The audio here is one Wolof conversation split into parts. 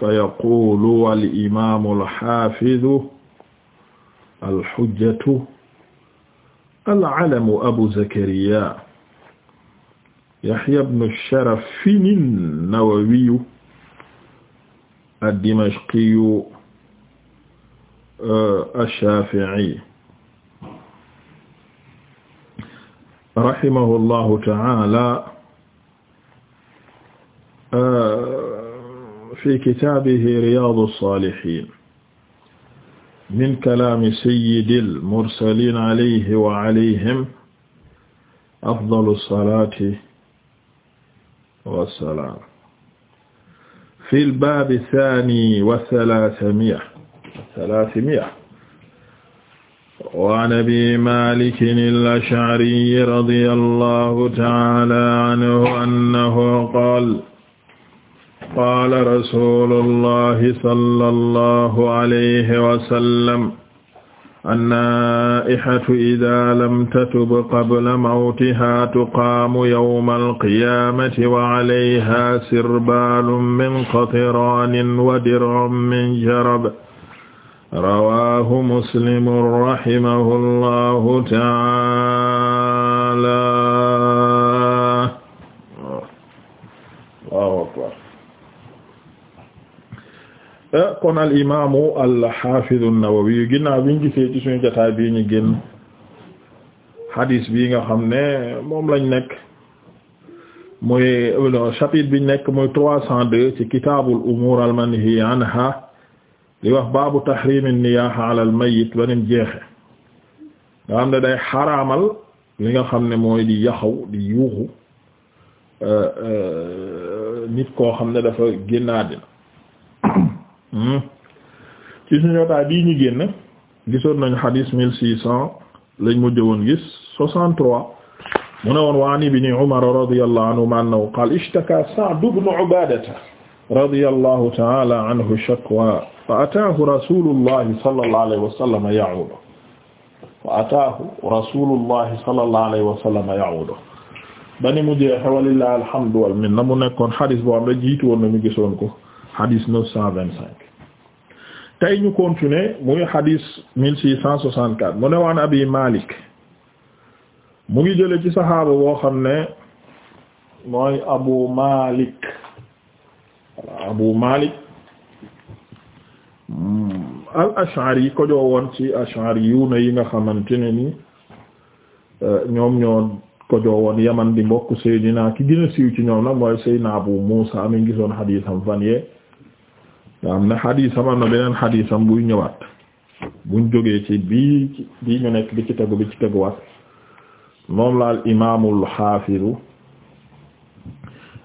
fa yaqulu wal imaamu alxaafidu alxujjatu alcalamu abu zakariya yaxya bnu sharafin nawawiyu addimashqiyu ashaafici rahimahu llahu taala fi kitaabihi riyaadu saalihiin min kalaami sayyidil mursaliin alayhi wa alayhim afdalu salaati wa salaam. fil baabi saani wa salaasamiya salaasamiya. wa an abii maalikin al-ash'ariyyi radiyallaahu ta'aalaa anhu annahu qaala qaala rasuulullahi sallallahu alayhi wa sallam annaa'ihatu idaa lam tatub qabla mawtihaa tuqaamu yawmal qiyaamati wa alayhaa sirbaalun min qatiraanin wa dir'un min jarab rawaahu muslimun rahimahullaahu ta'aalaa nag kon al imaamu al xaafidu an-Nawawi ginnaaw bi ñu gisee ci suñu jotaay bii ñu génn hadis bii nga xam ne moom lañ nekk muy euh, chapitre biñ nekk muy trois cent deux ci kitaabul umuur al manhi anha li wax baabu tahrim an-niyaaha ala al mayyit ba nim jeexe nga xam ne day xaraamal li nga xam ne mooy di yaxaw di yuuxu euh, euh, nit koo xam ne dafa génn àddina Hmm. ci suñu jotaay bii ñu génn gisoon nañu xadiis mille six cent lañ mujj woon gis soixante trois mu ne woon waani ibni Umar radiyallahu anhuma annahu qaala ishtaka Sa'd ibn Ubaadata radiyallahu ta'ala anhu shakwa fa ataahu rasuulullahi sallallahu alayhi wa sallam ya'uudu fa ataahu rasuulullahi sallallahu alayhi wa sallam ya'uudu bani mu jeexe walillahi alhamdu wal minna mu nekkoon xadiis boo xam ne jiitu woon na mu gisoon ko hadis neuf cent tey ñu continuer muy hadis mille six cent soixante-quatre mu ne waan abi Malik mu ngi jële ci saxaaba woo xam ne mooy abu Malik abu Malik hmm, al ashari yi ko joowoon ci ashari yu na yi nga xamante ni euh, ñoom ñoo ko joowoon yaman di mbokk Seydina ki gën a siiw ci ñoom nag mooy Seydina Abu Muusa mi ngisoon xadiisam fan yee nga am na xadiisam am na beneen xadiisam buy ñëwaat buñ jógee ci bii bii ñu nekk bi ci tegu bi ci teguwaat moom laal imaamul xaafiru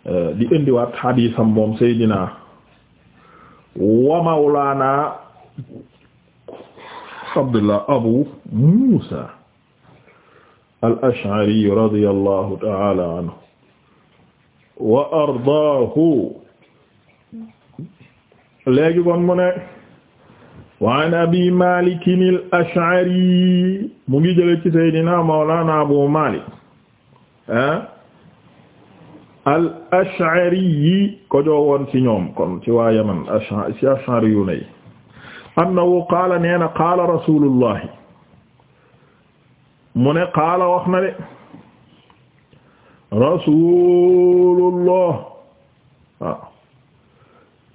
euh, di indiwaat xadiisam moom seydinaa wa mawlaana abdullah abu muusa al ash'ari radiyallahu ta'ala anhu wa ardaahu léegi kon mu ne waan abi malikin al mu ngi jële ci seydina mawlana abu malik ah ko joowoon ci ñoom kon ci waa yaman ash'ari ci ash'ari yu nay annahu qaala nee na qaala rasulullahi wax na rasulullah ah.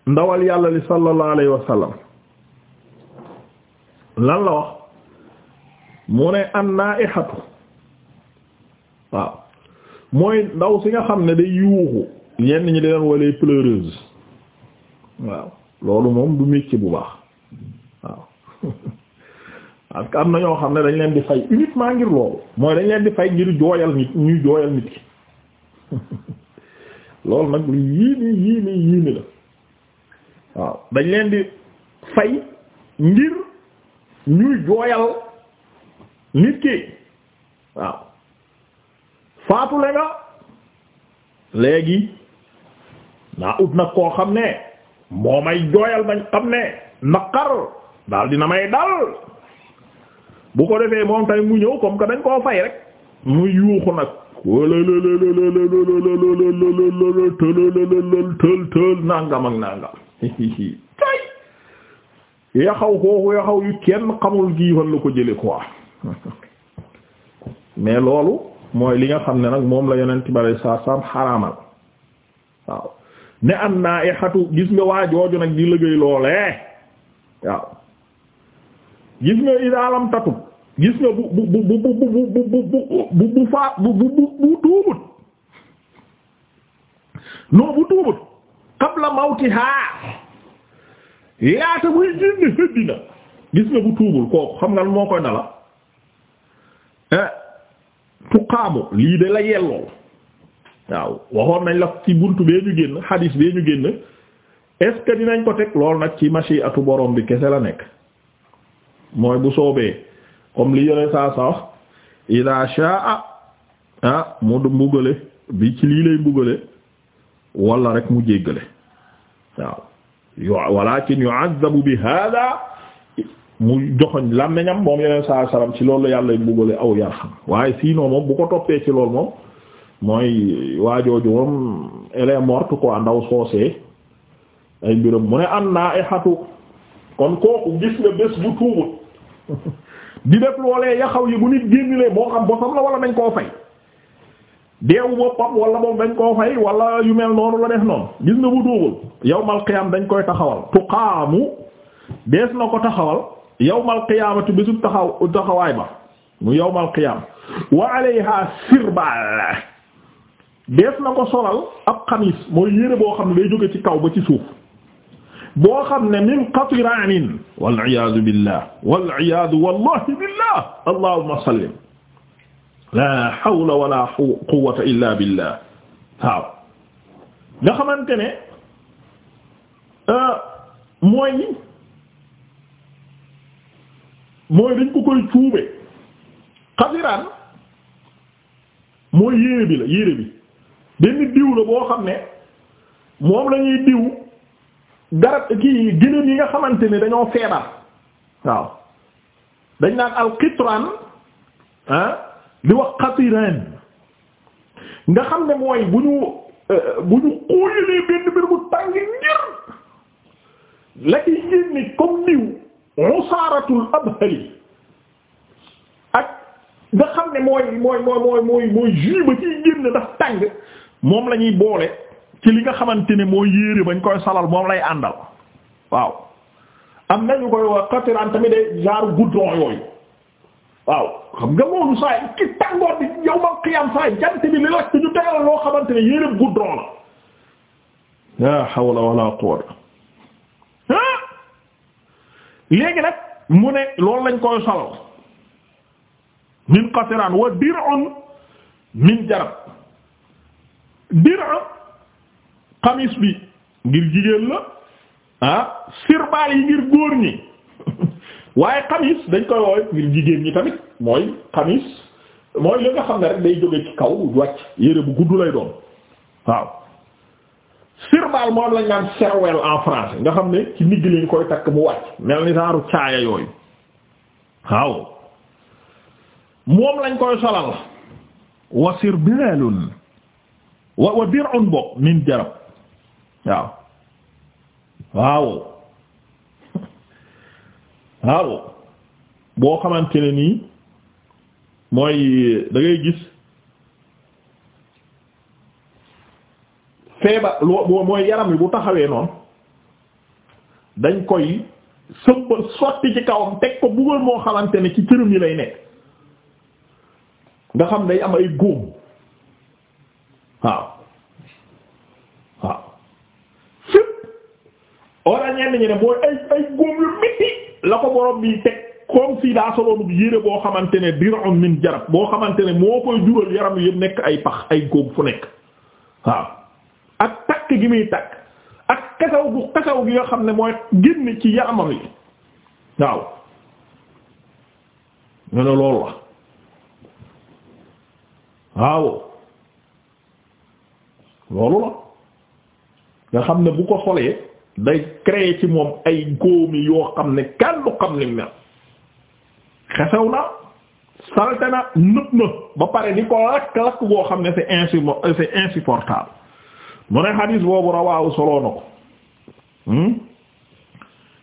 ndawal yàlla li sallallahu alayhi wa sallam lan la wax mu ne an-naa'ihatu waaw mooy ndaw si nga xam ne day yuuxu yenn ñi deen walee pleureuse waaw loolu moom du métier bu baax waaw parce am na ñoo xam ne dañ leen di fay uniquement ngir loolu mooy dañ leen di fay ngir jooyal nit ñuy jooyal nit ki loolu nag yii nii yii nii yii nii la waaw dañ leen di fay ngir ñuy jooyal nit ki waaw faatule nga léegi naa ut nag koo xam ne moo may jooyal bañ xam ne naqar daal dina may dal bu ko defee moom tamit mu ñëw comme que dañ koo fay rek mu yuuxu nag tël tël tël nangam ak nangam kay yaxaw kooku yaxaw yu kenn xamul gi fan la ko jële quoi mais loolu mooy li nga xam ne nag moom la yonent bari saa saam xaraamal waaw ne am naa i xatu gis nga waa jooju nag di liggéey loolee waaw gis nga idaalam tatu gis nga bu bu bu bu bu bu bu bu bu bu bu bu bu bu tuubut non bu tuubut qabla mawtihaa yaata muy génn àddina gis nga bu tuubul kooku xam nga lu moo koy na la eh, tuqaamu lii de la yelloo waaw waxoon nañ la ci bunt bee ñu génn xadiis bee ñu génn est dinañ ko teg loolu nag ci machi atu borom bi kese la nekk mooy bu soobee comme lii yore saa sa wax shaa ah mu mbugale bi ci lii lay mbugale wala rek mu jéggale waaw yo walakin yu'azzabu bi hada mu joxoñ làmmiñam moom yeneen saa salaam ci loolu yàlla buggale aw yarham waaye sinon moom bu ko toppee ci loolu moom mooy waajooju moom elle est morte quoi ndaw soosee ay mbiram mu ne an naa ay kon kooku gis nga bés bu tuubut di def loolee yaxaw yi bu nit génnilee moo xam bosam la wala nañ koo fay deewu boppam wala moom dañ koo fay wala yu mel noonu la def noonu gis nga bu dóobal yawmal qiyaam dañ koy taxawal tuqaamu dees na ko taxawal yawmal qiyaamati bésub taxaw taxawaay ba mu yawmal qiyaam wa alayha sirbal dees na ko solal ab xamis mooy yére boo xam ne day jóge ci kaw ba ci suuf boo xam ne min qatiraanin wal iyaadu billah wal iyaadu wallahi billah allahumma sallim la hawla wala quwwata illa billah waaw nga xamante ne euh, mooy mooy dañ ko koy cuube xasiraan mooy yére bi la yére bi benn diw la boo xam ne moom lañuy diw garab kii gëléem yi nga xamante ne dañoo feebar waaw dañ naan alqitraan ah di wax xatiraan nga xam ne mooy bu ñu euh, bu ñu xóoyalee benn bu tàng njër la ciy génne comme niw usaaratul ak nga xam ne mooy mooy mooy mooy mooy mooy jus ba ciy génne ndax tàng moom lañuy boole ci li nga xamante ne mooy yéere bañ koy salal moom lay àndal waaw am nañu koy wax xatiraan tamit day genre goudron yooyu waaw xam nga moom saa yi ci tàngoor bi yow ma xiyam saa yi jant bi li la ci ñu tegal loo xamante ne yére goudron la. la hawla wala nag mu ne loolu lañ koy solal min qatiraan wa dir'un min jarab dir'a xamis bi ngir jigéen la ah sirbaal yi ngir góor ñi. waaye xamis dañ koy woowe ngir jigéen ñi tamit mooy xamis mooy li nga xam ne rek day jóge ci kaw wàcc yére bu gudd lay doon waaw sirbal moom lañ naan serwel en français nga xam ne ci ndigg lañ koy takk mu wàcc mel ni saaru caaya yooyu waaw moom lañ koy solal wa sirbaalun wa wa dir'un bokk min jarab waaw waaw waaw boo xamante ne nii mooy da ngay gis feebar loo mooy yaram wi bu taxawee noon dañ koy sëmbal sotti ci kawam teg ko buggal moo xamante ne ci cërëm yi lay nekk nga xam day am ay góom waaw waaw fépp ora ñenn ñi ne mooy ay ay góom yu metti la ko borom bi teg comme si daa soloonub yére boo xamante ne dir'un min jarab boo xamante ne moo koy jural yaram yëpp nekk ay pax ay góob fu nekk waaw ak takk gi muy takk ak kasaw gu kasaw gi nga xam ne mooy génn ci yaramam yi waaw ñu ne loolu la waaw loolu la nga xam ne bu ko xolee day créer ci moom ay góomi yoo xam ne kenn du xam ni mel xesew na salte na nëb na ba pare di ko lakk-lakk boo xam ne c'est insu c'est insupportable mu ne xadiis boobu rawaawu soloo na ko hmm?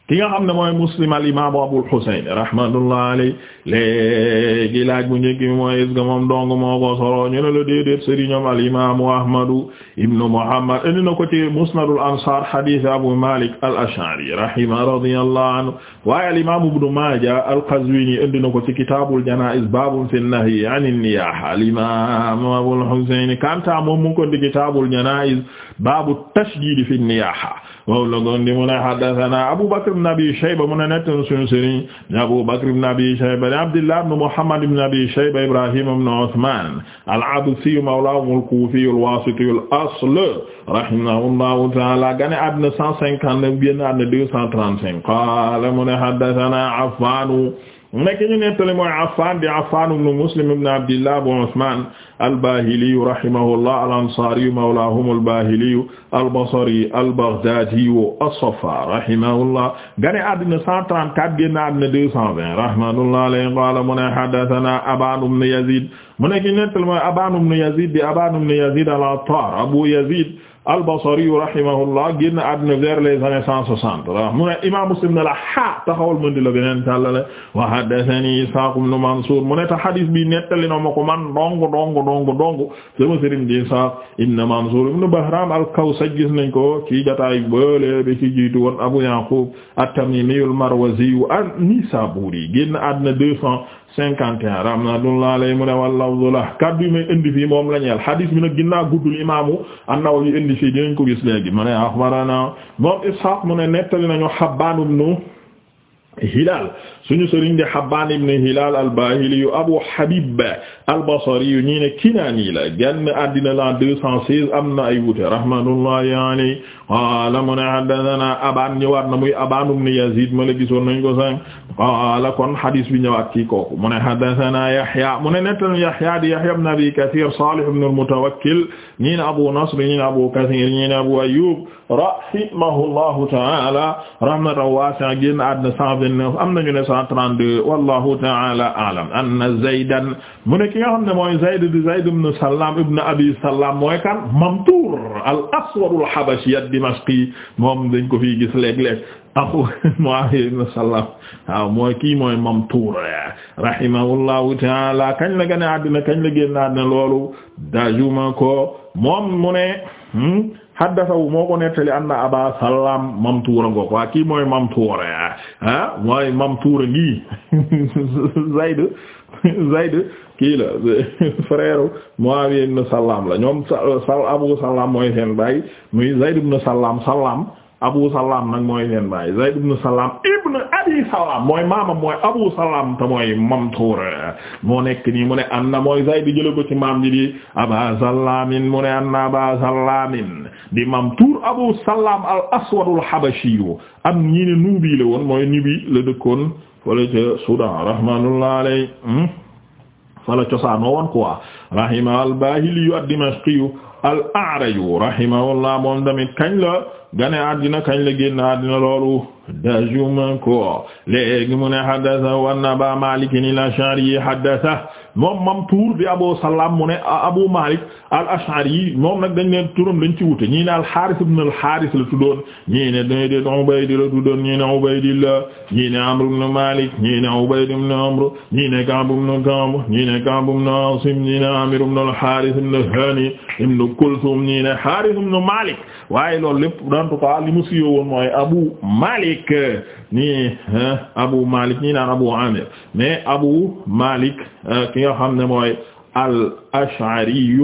ki nga xam ne mooy muslim al imaamu abul husayn rahmatullah alay léegi laaj bu njëkk bi mooy est-ce que moom dong moo ko solo ñu ne la déedéet sëriñam al imaamu ahmadu ibnu muhammad indi na ko ci musnadul ansaar hadith abu malik al ash'ari rahima radiyallahu anhu waaye al imaamu ibnu maaja al qazwini indi na ko ci kitaabul janaa'iz baabun fi nahyi an niyaaha al imaamu abul husayn kanta moom mu ngi ko indi kitaabul janaa'iz baabu tashdiid fi niyaaha wow la gondi mu ne haddathana Abu Bakr ibn Abi Shayba mu ne nettanu sunu sëriñ Abu Bakr ibn Abi Shayba ne Abdullah ibn Muhammad ibn Abi Shayba Ibrahim ibn Uthman al-Absi mawlahum al-Kufi al-Wasiti al-asl rahimahullahu ta'ala gane àddina 159 génn àddina 235 qaala mu ne haddathana Affan nekk ñu nettali mooy Affan di Affan ibn Muslim ibn Abdillah Abu Usman al-Bahili rahimahullah al-Ansari mawlahum al-Bahili al-Basri al-Baghdadi as-Saffar rahimahullah gane àddina 134 génn àddina 220 rahmatullahi alayhi qala mu ne haddathana Aban ibn Yazid mu nekk nettal mooy Abaan ibn Yaziid di Abaan ibn Yaziid al-Attaar Abu Yaziid al-Basri rahimahullah génn àdduna vers les années cent soixante mu ne Imaam Muslim ne la ha taxawal mën di la beneen tàllale wa haddathanii Ishaaq ta hadiis bi nettali na ma ko man dong dong dong dong sama sëriñ di Ishaaq ibn Mansuur ibn Bahraam al-Kawsaj gis nañ ko ci jotaay boole bi ci jiitu woon Abu Yaquub at-Tamiimi al-Marwazi an-Naysaabuuri génn àdduna deux cent cinquante et un rahmatullah alayhi mu ne wal lafzu la yi may indi fii moom la ñeel hadis bi nag ginnaaw guddul imaamu an-Nawawi indi fii dinañ ko gis léegi ma ne axbarana moom Ishaq mu ne nettali nañu Habban ibn Hilal suñu sëriñ di Habbaan ibn Hilaal al-Baahili yu Abu Habib al-Basri yu ñii ne Kinaani la génn àddina la 216 am na ay wute rahmatullahi yaani qaala mu ne haddathanaa Abaan ñëwaat na muy Abaan ibn Yaziid ma la gisoon nañ ko sànq qaala kon hadis bi ñëwaat kii kooku mu ne haddathanaa Yahyaa mu ne nettali Yahyaa di Yahyaa ibn Abi Kathiir Saalih ibn al-Mutawakkil ñii ne Abu Nasr ñii ne Abu Kathiir ñii ne Abu Ayyuub rahimahullahu ta'aala rahmatan waasi'a génn àddina 129 am nañu ne 132 wallahu ta'ala a'lam anna Zaydan mu ne ki nga xam ne mooy Zayd di Zayd ibn Salam ibn Abi Salam mooy kan Mamtur al-Aswad al-Habashi ad-Dimashqi moom dañ ko fi gis léeg-léeg axu Muawiya ibn Salam waaw mooy kii mooy Mamtur rahimahullahu ta'ala kañ la gën a àddina kañ la génn àddina loolu dajuma ko moom mu ne hmm? haddathahu moo ko nettali anna aba salam mamtuura ngoo ko waa kii mooy mamtuura ah mooy mamtuura ngi zayd zayd kii la frère muawiya ibn la ñoom sa abu salam mooy seen baay muy zayd ibn salam salam abu salaam nag mooy seen zayd ibn salaam ibn abi salaam mooy maamam mooy abu salaam te mooy mamtuur moo nekk nii mu ne an mooy zayd jële ko ci maam ji di aba salaamin mu ne an aba salaamin di mamtuur abu salaam al aswadul am ñii ne nuubi la woon mooy nubi la dëkkoon wala ca soudan rahmanullah alay hmm? fala cosaanoo woon quoi rahima al bahiliyu ad dimashqiyu al a'raju rahimahullah moom tamit kañ la gane àddina kañ la génn àddina loolu dajuma ko léegi mu ne haddasa wanna ba Malik al-Ash'ari haddasa moom mam tuur di Abu Salam mu ne Abu Malik al-Ash'ari moom nag dañ ne turam dañ ci wute ñii ne al-Harith ibn al-Harith la tuddoon ñii ne dañ de Ubayd la tuddoon ñii ne Ubaydillah ñii ne Amr ibn Malik ñii ne Ubayd ibn Amr ñii ne Ka'b ibn Ka'b ñii ne Ka'b ibn Asim ñii ne Amir ibn al-Harith ibn Hani ibn Kulthum ñii ne Harith ibn Malik waaye loolu lépp en tout cas li mu siiwoon mooy Abu Malik Malik ñii euh, Abu Malik ñii naan Abu Amir mais Abu Malik euh, ki nga xam ne mooy al-Ash'ari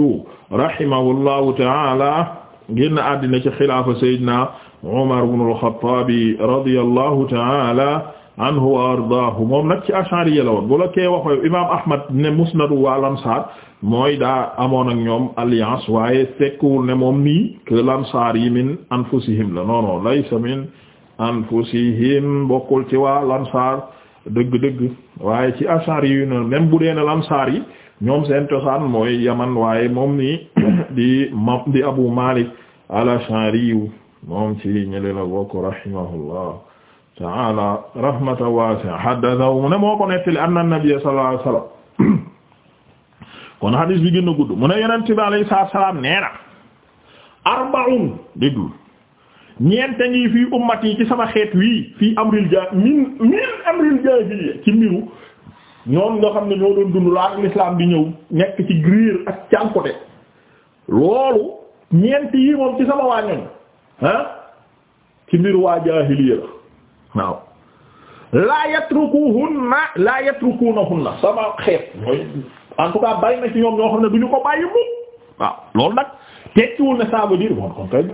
rahimahullahu ta'ala génn àddina ci xilaafa Seydina Umar ibn al-Khattab radiyallahu ta'ala anhu wa ardaahu moom nag ci Ash'ari la woon bu la kee waxee Imaam Ahmad ne musnadu waa Ansaar mooy daa amoon ak ñoom alliance waaye tekkiwul ne moom nii que Ansaar yi min anfusihim la non non laysa min anfusihim bokkul ci waa lansaar dëgg-dëgg waaye ci ashar yi noonu même bu dee ne lansaar ñoom seen cosaan mooy yaman waaye moom ni di ma di abu malik al-ashari moom ci ñële la bokk rahimahullah ta'ala rahmatan wasi'a haddathahu mu ne moo ko nettali anna nabiyya sallallahu kon hadis bi gën gudd mu ne yonent bi alayhi salaam nee na arba'un déglu ñeenti ngi fii ummat yi ci sama xeet wii fii amril ja min min amril jaahiliya ci mbiru ñoom ñoo xam ne ñoo doon dund laa l'islam bi ñëw nekk ci griir ak cànkote loolu ñeent yi moom ci sama waa ñoñ ah ci mbiru waa jaahiliya la waaw laa yatrukuhunna laa yatrukunahunna sama xeet mooy en tout na ci ñoom ñoo xam ne du ñu ko bàyyi mukk waaw loolu nag tekkiwul ne ça veut dire bon kon kay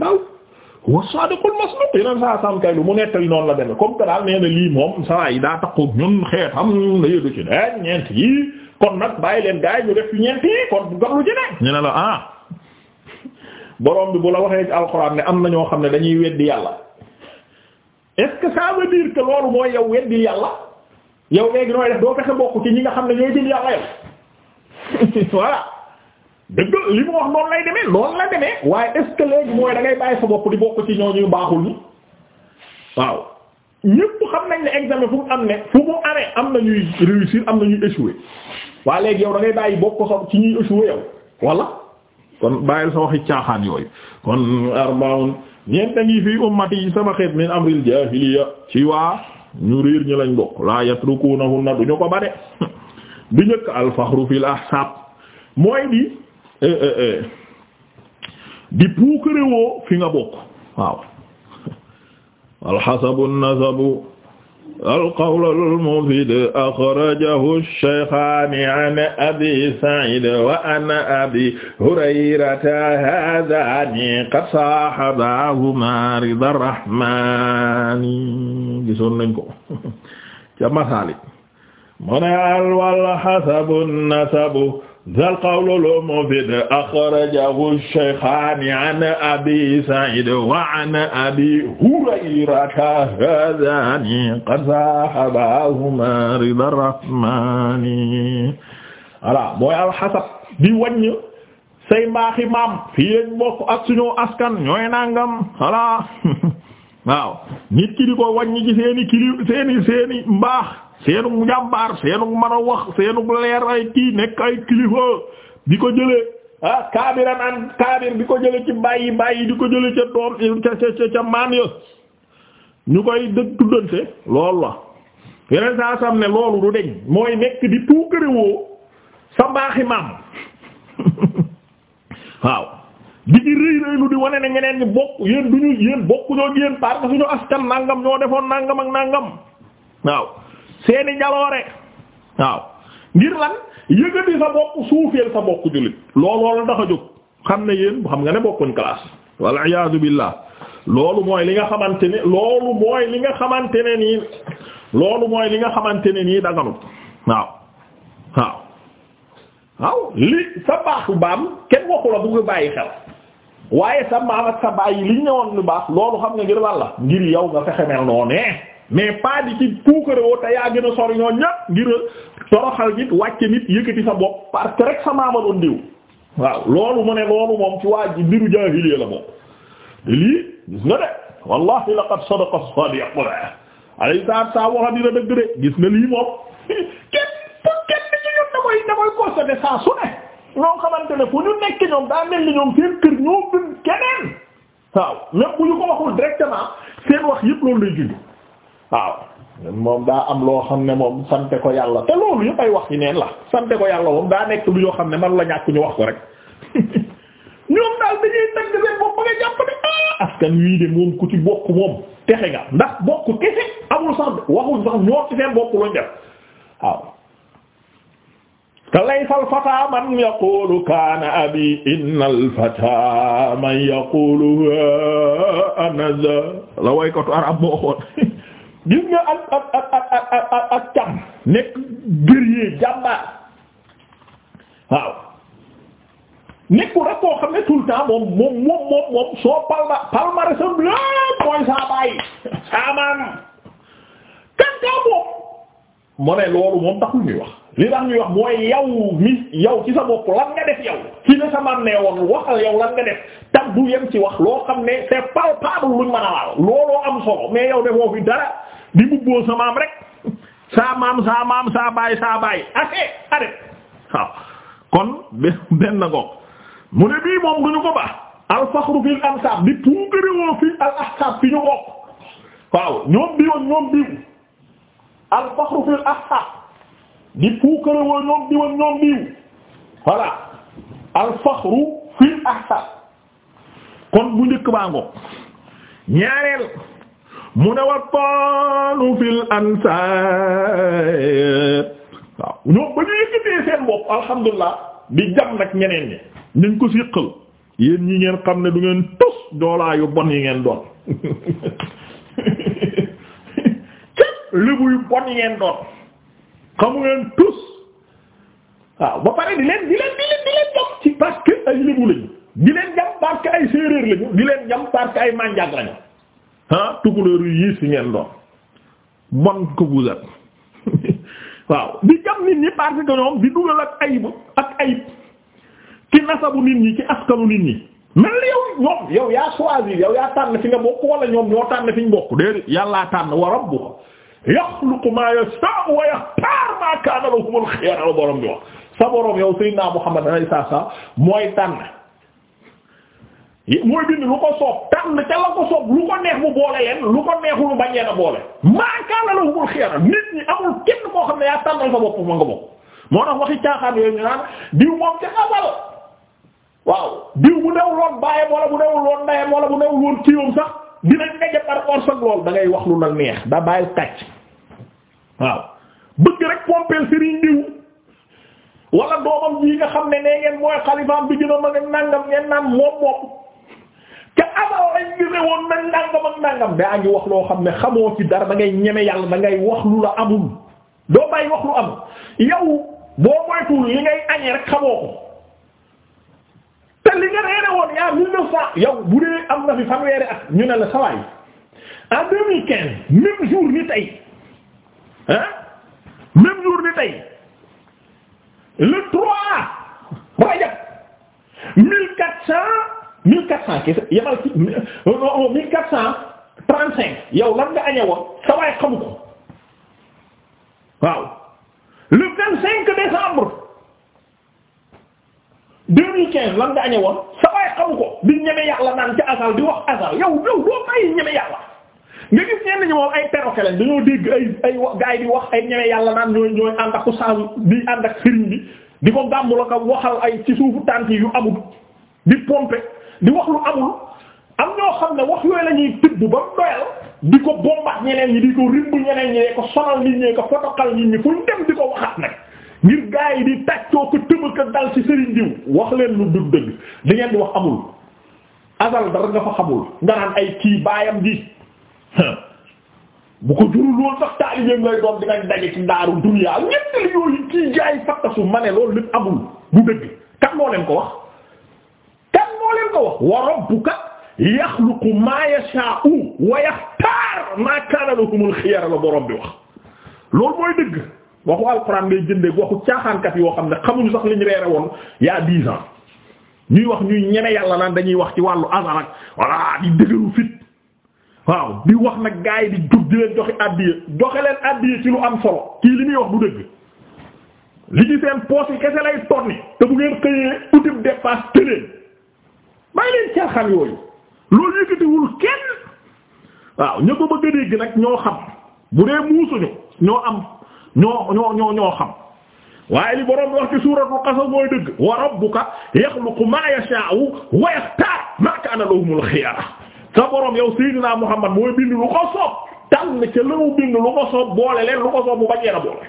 wa sadiqul masduq yeneen saa sam kay lu mu nettali noonu la demee comme que daal nee na lii moom saa yi daa takkoog ñun xeetam la yëdu ci deen ñeent yi kon nag bàyyi leen gaay ñu def yu ñeent yi kon bu ci ne ñu ne la ah borom bi bu la waxee ci alxuraan ne am na ñoo xam ne dañuy weddi yàlla est-ce que ça veut dire que loolu mooy yow weddi yàlla yow léegi nooy def doo fexe bokk ci ñi nga xam ne ñooy jël yàlla yow voilà dëgg li mu wax noonu lay demee noonu la demee waaye est léegi mooy da bàyyi sa bopp di bokk ci ñooñu baaxul ni waaw ñépp xam nañ ne examen fu mu am ne fu mu amee am na ñuy réussir yow da bàyyi bokk sa ci ñuy échouer yow walla kon bàyyil sa waxi caaxaan yooyu kon arbaun ñeent ngi fii ummati sama xeet min amril jaahiliya ci waa ñu réer ñi lañ bokk laa yatrukuunahunna duñu ko bare bi njëkk al faxru fil ahsaab mooy di Eh, eh, eh. di puukare woo fi nga bokk waaw alxasabu nasabu alqawlu almufid axrajahu shaykhaani an abi sa'iid wa an abi hurayrata haadaani qad saahabahumaa rida rahmaani gisoon nañ ko ca masaali mu ne alwal xasabu nasabu zal qawlu lu mufid axrajahu shaykhaani an abi sa'iid wa abi hurayrata haadaani qad saahabahumaa ridaa rahmaani voilà mooy alxasab di wàññ say mbaaxi maam fii lañ bokk ak suñu askan ñooy nangam voilà waaw nit ki di ko wàññi ci seeni kili seeni seeni mbaax seenu njàmbaar seenu man a wax seenu leer ay kii nekk ay kilifa di ko jële ah kaabiran an kaabir di ko jële ci bàyyi bàyyi di ko jëlee ca doom ca ca ca maan ya ñu koy dëgg tuddante loolu la yeneen saa sam ne loolu du deñ mooy nekk di puukarewoo sa mbaaxi maam waaw di ci rëy rëylu di wane ne ñeneen ñi bokk yéen du ñu yéen bokk ñoo yéen parce que suñu askan nangam ñoo defoon nangam ak nangam waaw seeni jaloore waaw ngir lan yëgati sa bopp suufeel sa bokk jullit looloo la a jóg xam ne yéen xam nga ne bokkuñ classe wal iyaadu billah loolu mooy li nga xamante ne loolu li nga xamante ne nii loolu mooy li nga xamante ne nii daganut waaw waaw waaw li sa baaxu baam kenn waxu la bu nga bàyyi xel waaye sa maam sa bàyyi li ñëwoon lu baax loolu xam nga ngir wàlla ngir yow nga fexe mel noonee mais pas di ci puukarewoo te yaa gën a sori ñoo ngir toroxal nit wàcce nit yëkkati sa bopp parce rek sa maama diw waaw loolu mu ne loolu moom ci waa mbiru jaahiliya la moom te lii gis nga de wallahi laqad sadaqa as de ni ci ñun da saa su ne ñoo xamante ne fu ñu nekk ñoom daa mel ni ñoom seen kër ñoo gën keneen waaw même bu ñu ko waxul directement seen wax yëpp loolu lay jundu waaw moom daa am loo xam ne moom sante ko yàlla te loolu yëpp ay wax yi neen la sante ko yàlla moom daa nekk lu yoo xam ne man la ñàkk ñu wax ko rek ñoom daal dañuy tagg seen bopp ba nga jàpp ne ah wii de moom ku ci bokk moom texe nga ndax bokk kese amul sax waxuñ sax ñoo ci seen bopp luñ def waaw te laysal man yaqulu kaana abi inna al man yaqulu ah, ana la waykatu arab moo xoon gis nga ak ak ak ak ak cam nekk guerrier jàmbaar waaw nekku rek koo ne tout le temps moom moom moom moom moom soo palma palmarèsam lépp mooy saa bàyyi saa maam kankaa moom mu ne loolu moom taxul ñuy wax li tax ñuy wax mooy yow mi yow ci sa bopp lan nga def yow ci ne sa maam ne woon waxal yow nga def tax du yem ci wax loo xam ne c'est palpable luñ mën a laal looloo am solo mais yow defoo fi dara di bubboo sa maam rek saa maam saa maam saa baay saa baay assez arrêt waaw kon benn na ngoog mu ne bii moom duñu ko baax alfaxru fil ansaab di puukarewoo fi al ahsaab fi ñu bokk waaw ñoom bii woon ñoom biiw alfaxru fil ahsaab di puukarewoo ñoom bii woon ñoom biiw voilà alfaxru fil ahsaab kon bu njëkk baa ngoog ñaareel mu ne wa taanu fil waaw ñoom ba ñu yëkkatee seen bopp alhamdulilah di jam nag ñeneen ñi nañ ko siqal yéen ñi ngeen xam ne du ngeen tus doolaa bon yi ngeen doon lébu yu bon yi ngeen doon xamu ngeen tus waaw ba pare di leen di leen di leen di leen jam ci parce ay lébu lañu di leen jam parce que ay séeréer lañu di leen jam parce que ay manjaag lañu ah tukulóor yu yiis yi ngeen doon bon ko buusat waaw di jam nit ñi parce que ñoom di dugal ak ayib ak ayib ci nasabu nit ñi ci askanu nit ñi mel ni yow ñoom yow yaa choisir yow yaa tànn fi nga bokk wala ñoom ñoo tànn fi ñu bokk déedéet yàllaa tànn wa rabbuka yaxluqu ma yashaa wa yaxtaar ma kaana lahumul xiyara borom bi wax sa borom yow sayyidina Muhammad alayhi salaam mooy tànn mooy bind lu ko soob tànn ca la ko soob lu ko neex mu boole leen lu ko neexul mu bañee boole maakaana humul xiyara nit ñi amul kenn koo xam ne yaa tànnal sa bopp ma nga bokk moo tax waxi caaxaan yooyu naan diw moom ca xabal waaw diw bu newul woon baayam wala bu newul woon ndeyam wala bu newul woon kiiwam sax dinañ nekk par force ak lool da wax lu la neex da bàyyil tàcc waaw bëgg rek pompeel sëriñ diw wala doomam bii nga xam ne nee ngeen mooy bi gën a ngeen naan ca amal lañ gise woon nag nangam ak nangam daa ngi wax loo xam ne xamoo ci dara da ngay ñeme yàlla da ngay wax lu la amul doo bàyyi wax lu am yow boo moytuwul li ngay añee rek xamoo ko te li nga reere woon yaa mille neuf cent yow bu dee am na fi fanweeri at ñu ne la sawaay en deux mille jour ni tey ah même jour ni tey le trois rajab mille quatre cent Euh, mille quatre cent kese yemal ci non mille quatre yow lan nga añe woon sa waay xamu ko waaw le vingt cinq décembre deux mille lan nga añe woon sa xamu ko di ñeme yàlla naan ca asal di wax asal yow yow doo bàyyi ñeme yàlla nga gis ñenn ñi moom ay perroquet lañ dañoo dégg ay ay gaa yi di wax ay ñeme yàlla naan ñooy ñooy ànd ak oustaz di ànd ak sëriñ bi di ko gàmmu la ko waxal ay ci suufu tànk yu amul di pomper di wax lu amul am ñoo xam ne wax yooyu la ñuy tibb ba mu doyal di ko bombax ñeneen yi di ko rimb ñeneen ñi ko sonal nit ñi ko fotokal nit ñi fu ñu di ko waxaat nag ngir gaa yi di tàccoo ko tëb ko dal ci sëriñ diw wax leen lu dul dëgg di ngeen wax amul asal dara nga xamul nga ay kii baayam ji bu ko jurul sax taalibeem lay doon di nga daje ci ndaaru duniyaa ñett li yooyu kii jaay fattasu ma ne loolu lépp amul bu dëgg kat moo leen ko wax moo leen ko wax wa rabbuka yaxluqu maa yashaa'u wa yaxtaar maa kaana lahumul xiyara la borom bi wax loolu mooy dëgg waxu alxuraan ngay jëndee waxu caaxaankat yoo xam ne xamuñu sax li ñu reere woon yaa dix ñuy wax ñuy ñeme yàlla naan dañuy wax ci wàllu azar ak walla di dëgëru fit waaw di wax na gaa yi di jug di leen joxe àddiya joxe leen àddiya ci lu am solo kii li muy wax du dëgg li ci seen poos yi kese lay tonni te bu ngeen xëyee utib dépasse bàyyi loolu yëkkatiwul kenn waaw ña ko bëgg a dégg nag ñoo xam bu dee muusuñu ñoo am ñoo ñoo xam waaye li boroom wax ci suuratul qasas mooy dëgg wa rabbuka yaxluqu maa yashaa'u wa yaxtaar maa kaana lahumul xiyara sa boroom yow Seydina Muhammad mooy bind lu ko soob tànn ca lamu bind lu ko soob boole leen lu ko soob bu bañee a boole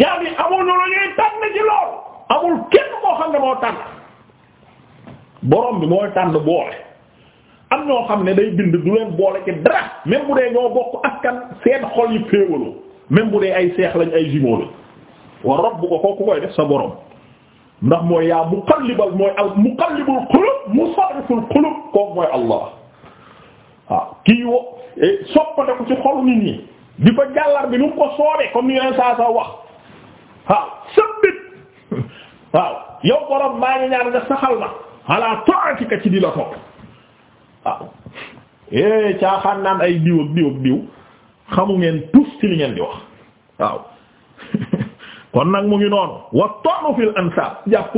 jaam yi amoon na la ñuy tànn ci lool amul kenn koo xam ne moo tànn borom bi mooy tànn boole am ñoo xam ne day bind du leen boole ci dara même bu dee ñoo bokk akkan seen xol yi féewaloo même bu dee ay seex lañ ay jumeaux lañ ko rabbuka kooku koy def sa borom ndax mooy yaa muqallibal mooy al muqallibul qulub musarriful qulub kooku mooy Allah waaw kii wo e soppate ko ci xolu nit ñi di fa jàllar bi nu ko soobee comme ni yeneen saa saa wax waaw sëbbit waaw yow borom maa ngi ñaan nga saxal ma ala ta'atika ci di la topp waaw é eh, caaxaan naan ay diw ak diw ak diw xamu ngeen tus ci li ngeen di wax waaw kon nag mu ngi noonu wa tonu fil ansab jàpp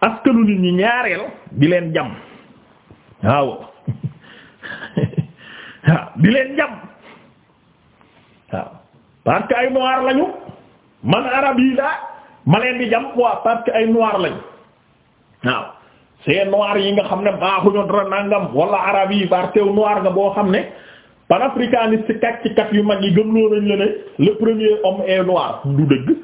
askanu nit ñi ñaareel di leen jam waaw di leen jam waaw parce ay noir lañu man arab yi laa ma leen di jam waaw parce que ay noir lañu waaw c'est noir yi nga xam ne baaxuñu dara nangam wala arab yi bar noir nga boo xam ne panafricaniste kat ci kat yu mag yi gëm loo nañ la ne le premier homme est noir du dëgg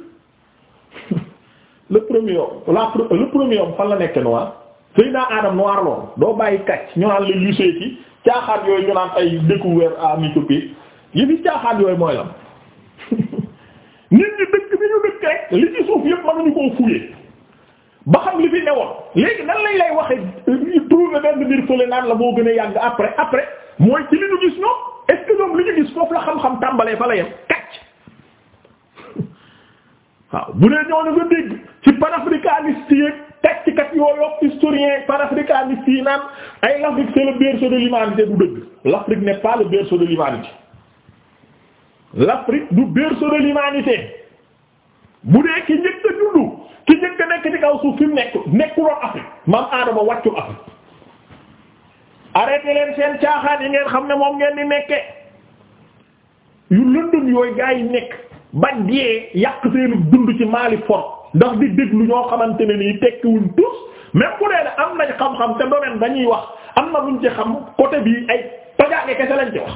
le premier la premier homme fan la nekk noir Seydina Adam noir loon doo bàyyi kàcc ñu naan la lusee ci caaxaan yooyu ñu naan ay découvert en Éthiopie yi fi caaxaan yooyu mooy lam nit ñi dëkk bi dëkk rek li ci suuf yëpp mënuñu koo fuyee ba xam li fi newoon léegi nan lañ lay waxe trouver benn mbir fële naan la moo gën a yàgg après après mooy ci li ñu gis ñoom est-ce li ñu gis foofu la xam-xam tàmbalee fa la yem kacc waaw bu dee ñoo nga dégg ci panafricaniste yi tàcckat yoo yokk historien panafricaniste yi naan ay l'Afrique c'est le berceau de l'humanité du dëgg l'Afrique n'est pas le berceau de l'humanité l'Afrique du berceau de l'humanité bu dee ki njëkk a dundu ki njëkk a nekk ci kaw suuf fi mu nekk nekkuloon Afrique maam Adama wàccul Afrique arrêté leen seen caaxaan yi ngeen xam ne moom ngeen ni nekke yu lëndëm yooyu gaa yi nekk ba dee yàq seenu dund ci Mali fort ndax di déglu ñoo xamante ne nii tekkiwuñ tous même bu dee ne am nañ xam-xam te domaine dañuy wax am na luñ ci xam côté bii ay tojaange kese lañ ci wax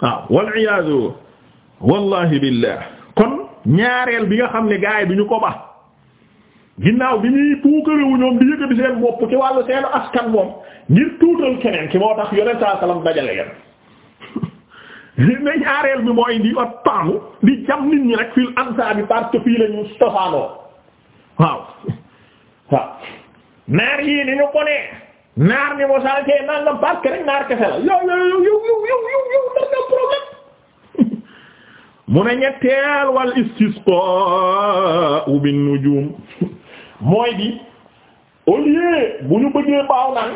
waaw wal iyaadu wallahi billah kon ñaareel bi nga xam ne gaa yi duñu ko ba ginnaaw bi ñuy puukarewu ñoom di yëkkati seen bopp ci wàllu seen askan moom ngir tuutal keneen ki moo tax yonent saa salaam dajale leen ne ñaareel bi mooy di at taamu di jam nit ñi rek fil ansa bi parce que fii lañu tosaanoo waaw waaw naar yii ni ñu bonee naar ni mu saltee nangam parce que rek naar kese la yow yow yow yow yow yow yow dar na problème mu ne ñetteel wal istisqa bin nujum mooy bi au bu ñu bëggee baaw naan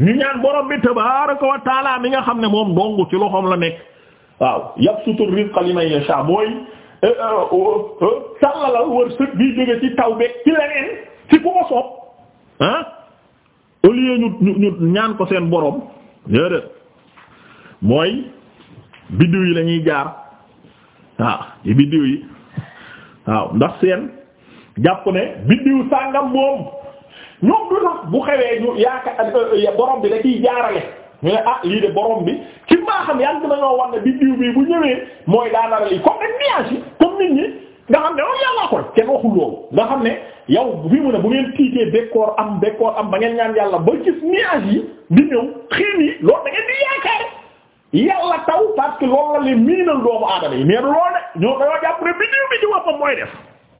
ñu ñaan borom bi tabaaraka wa taala mi nga xam ne moom dongu ci loxoom la nekk waaw yabsutu rizqa liman yasha mooy sàllalal euh, euh, euh, wërsëg bi jóge ci taw beeg ci leneen ci ku ko soob ah au lieu ñu ñu ñaan ko seen boroom déedéet mooy biddiw yi lañuy jaar waaw ci biddiw yi waaw ndax seen jàpp ne biddiw sàngam moom ñoom du tax bu xewee ñu yaakaar euh, euh, borom bi da ciy jaarale ñu ne ah lii de borom bi ci maa xam yàgg nañoo wax ne biddiw bii bu ñëwee mooy daanara lii comme nag nuage yi comme nit ñi nga xam ne loolu yàllaa ko kenn waxul loolu nga xam ne yow fi mu ne bu ngeen tiitee bekkoor am bekkoor am ba ngeen ñaan yàlla ba gis nuage yi di ñëw xiin yi loolu da ngeen di yaakaar yàlla taw parce que la leen miinal doomu aadama yi mais du